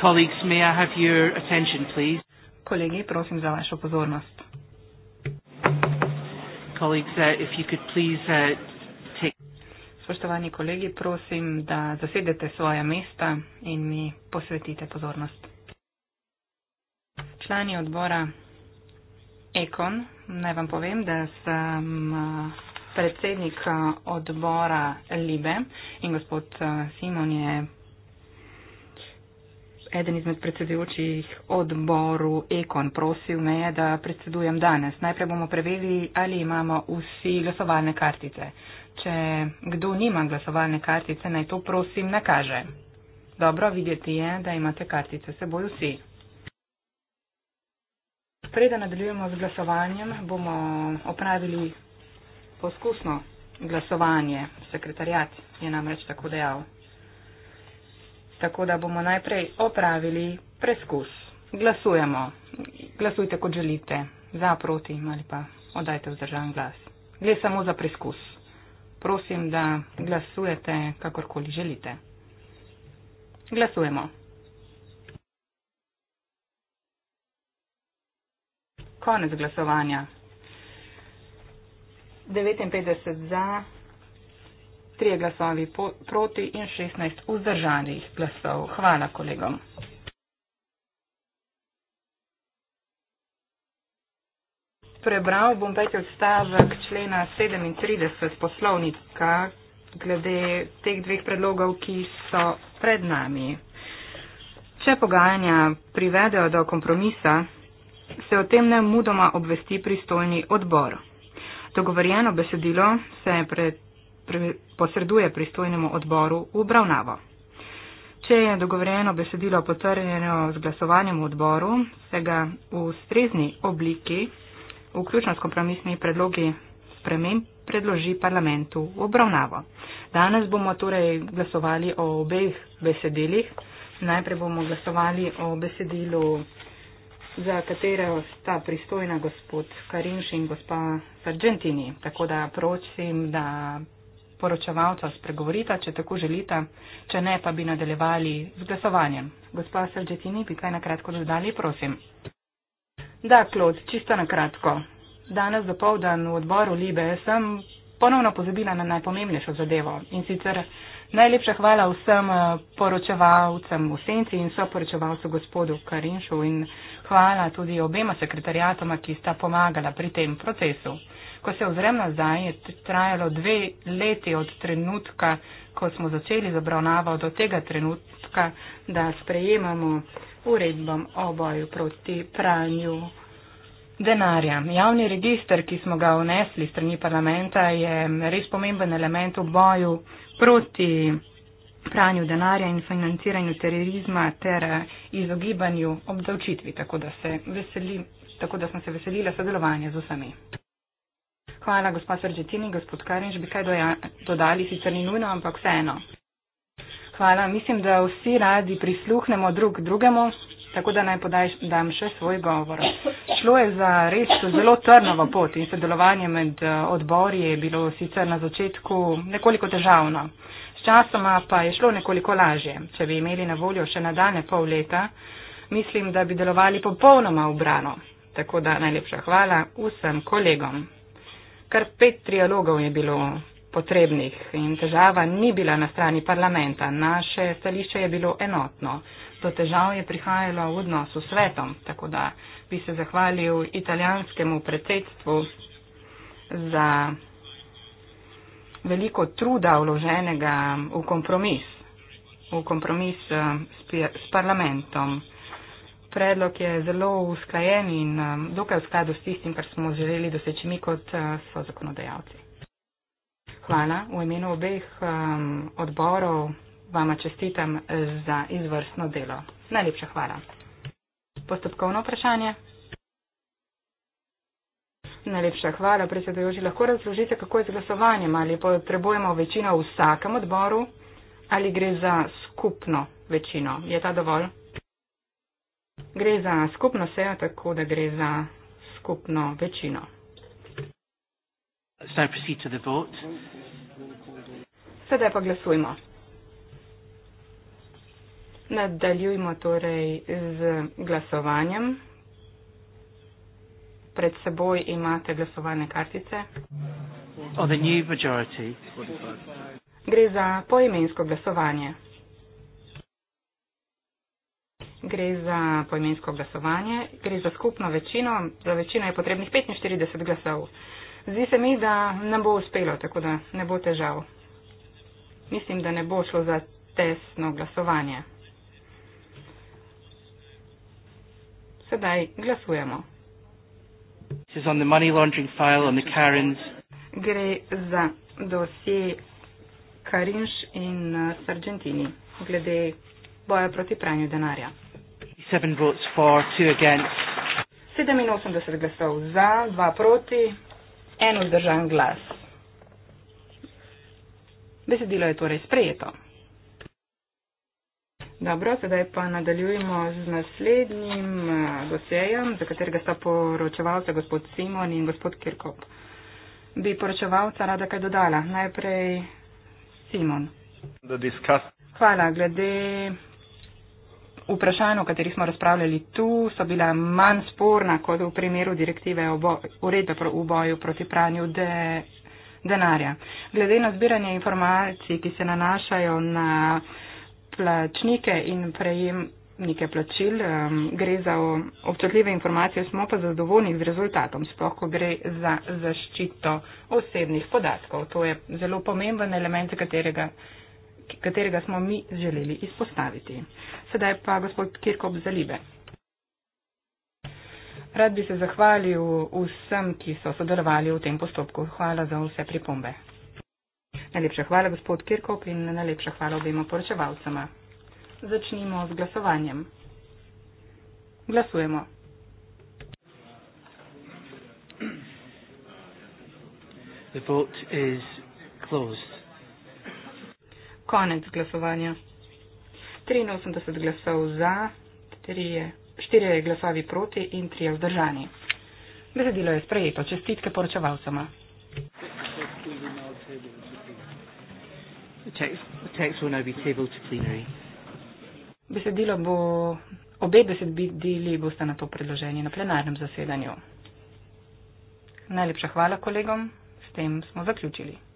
Colleagues, may I have your attention, please? Kolegi, prosim za vašo pozornost. Colleagues, uh, if you could please uh, take. Spoštovani kolegi, prosim, da zasedete svoja mesta in mi posvetite pozornost. Člani odbora Ekon, naj vam povem, da sem uh, predsednik uh, odbora Libe in gospod uh, Simon je eden izmed predsedujočih odboru Ekon prosil me, da predsedujem danes. Najprej bomo preverili, ali imamo vsi glasovalne kartice. Če kdo nima glasovalne kartice, naj to prosim nakaže. Dobro, videti je, da imate kartice seboj vsi. Preden nadaljujemo z glasovanjem, bomo opravili poskusno glasovanje. Sekretarjat je namreč tako dejal tako da bomo najprej opravili preskus. Glasujemo. Glasujte, kot želite, za, proti ali pa oddajte vzdržan glas. Gre samo za preskus. Prosim, da glasujete, kakorkoli želite. Glasujemo. Konec glasovanja. 59 za, trije glasovi po, proti in 16 vzdržanih glasov. Hvala kolegom. Prebral bom peti odstavek člena 37 poslovnika glede teh dveh predlogov, ki so pred nami. Če pogajanja privedejo do kompromisa, se o tem ne mudoma obvesti pristojni odbor. Dogovorjeno besedilo se je pred posreduje pristojnemu odboru v obravnavo. Če je dogovorjeno besedilo potrjeno z glasovanjem v odboru, se ga v strezni obliki, vključno s kompromisnimi predlogi sprememb, predloži parlamentu v obravnavo. Danes bomo torej glasovali o obeh besedilih. Najprej bomo glasovali o besedilu, za katero sta pristojna gospod Karinš in gospa Sargentini. Tako da prosim, da poročevalca spregovorita, če tako želite, če ne, pa bi nadaljevali z glasovanjem. Gospa Selžetini, bi kaj nakratko dodali, prosim. Da, Klod, čisto nakratko. Danes za povdan v odboru Libe sem ponovno pozabila na najpomembnejšo zadevo in sicer najlepša hvala vsem eh, poročevalcem v senci in so poročevalcu gospodu Karinšu in hvala tudi obema sekretarjatoma, ki sta pomagala pri tem procesu ko se ozrem nazaj, je trajalo dve leti od trenutka, ko smo začeli z obravnavo do tega trenutka, da sprejemamo uredbom o boju proti pranju denarja. Javni register, ki smo ga unesli strani parlamenta, je res pomemben element v boju proti pranju denarja in financiranju terorizma ter eh, izogibanju obdavčitvi, tako da, se veseli, tako da sem se veselila sodelovanja z vsemi. Hvala, gospa Sržetin in gospod Karinž, bi kaj doja, dodali, sicer ni nujno, ampak vseeno. Hvala, mislim, da vsi radi prisluhnemo drug drugemu, tako da naj podajam še svoj govor. Šlo je za res zelo trnovo pot in sodelovanje med odbori je bilo sicer na začetku nekoliko težavno. S časoma pa je šlo nekoliko lažje. Če bi imeli na voljo še nadaljne pol leta, mislim, da bi delovali popolnoma obrano. Tako da najlepša hvala vsem kolegom kar pet trialogov je bilo potrebnih in težava ni bila na strani parlamenta. Naše stališče je bilo enotno. To težavo je prihajalo v odnosu s svetom, tako da bi se zahvalil italijanskemu predsedstvu za veliko truda vloženega v kompromis, v kompromis eh, s parlamentom predlog je zelo usklajen in um, dokaj v skladu s tistim, kar smo želeli doseči mi kot uh, so zakonodajalci. Hvala v imenu obeh um, odborov. Vama čestitam za izvrstno delo. Najlepša hvala. Postopkovno vprašanje. Najlepša hvala, predsedujoči. Lahko razložite, kako je z glasovanjem? Ali potrebujemo večino v vsakem odboru ali gre za skupno večino? Je ta dovolj? Gre za skupno sejo, tako da gre za skupno večino. Sedaj pa glasujmo. Nadaljujmo torej z glasovanjem. Pred seboj imate glasovane kartice. Oh, gre za poimensko glasovanje. 45 gre za poimensko glasovanje, gre za skupno večino, za večino je potrebnih 45 glasov. Zdi se mi, da nam bo uspelo, tako da ne bo težav. Mislim, da ne bo šlo za tesno glasovanje. Sedaj glasujemo. Gre za dosje Karinš in eh, Sargentini glede boja proti pranju denarja. Seven votes for, two against. 87 glasov za, 2 proti, 1 vzdržan glas. Besedilo je torej sprejeto. Dobro, sedaj pa nadaljujemo z naslednjim eh, dosejem, za katerega sta poročevalca gospod Simon in gospod Kirkop. Bi poročevalca rada kaj dodala. Najprej Simon. Hvala. Glede vprašanj, o katerih smo razpravljali tu, so bila manj sporna kot v primeru direktive uredbe o boju proti pranju de, denarja. Glede na zbiranje informacij, ki se nanašajo na plačnike in prejemnike plačil, um, gre za občutljive informacije, smo pa zadovoljni z rezultatom, sploh ko gre za zaščito osebnih podatkov. To je zelo pomemben element, katerega katerega smo mi želeli izpostaviti. Sedaj pa gospod Kirkop Zalibe. Rad bi se zahvalil vsem, ki so sodelovali v tem postopku. Hvala za vse pripombe. Najlepša hvala, gospod Kirkop, in najlepša hvala obema poročevalcema. Začnimo z glasovanjem. Glasujemo. The vote is closed konec glasovanja. 83 glasov za, 4 glasovi proti in 3 vzdržani. Besedilo je sprejeto. Čestitke poročevalcema. Besedilo bo, obe besedili boste na to predloženje na plenarnem zasedanju. Najlepša hvala kolegom, s tem smo zaključili.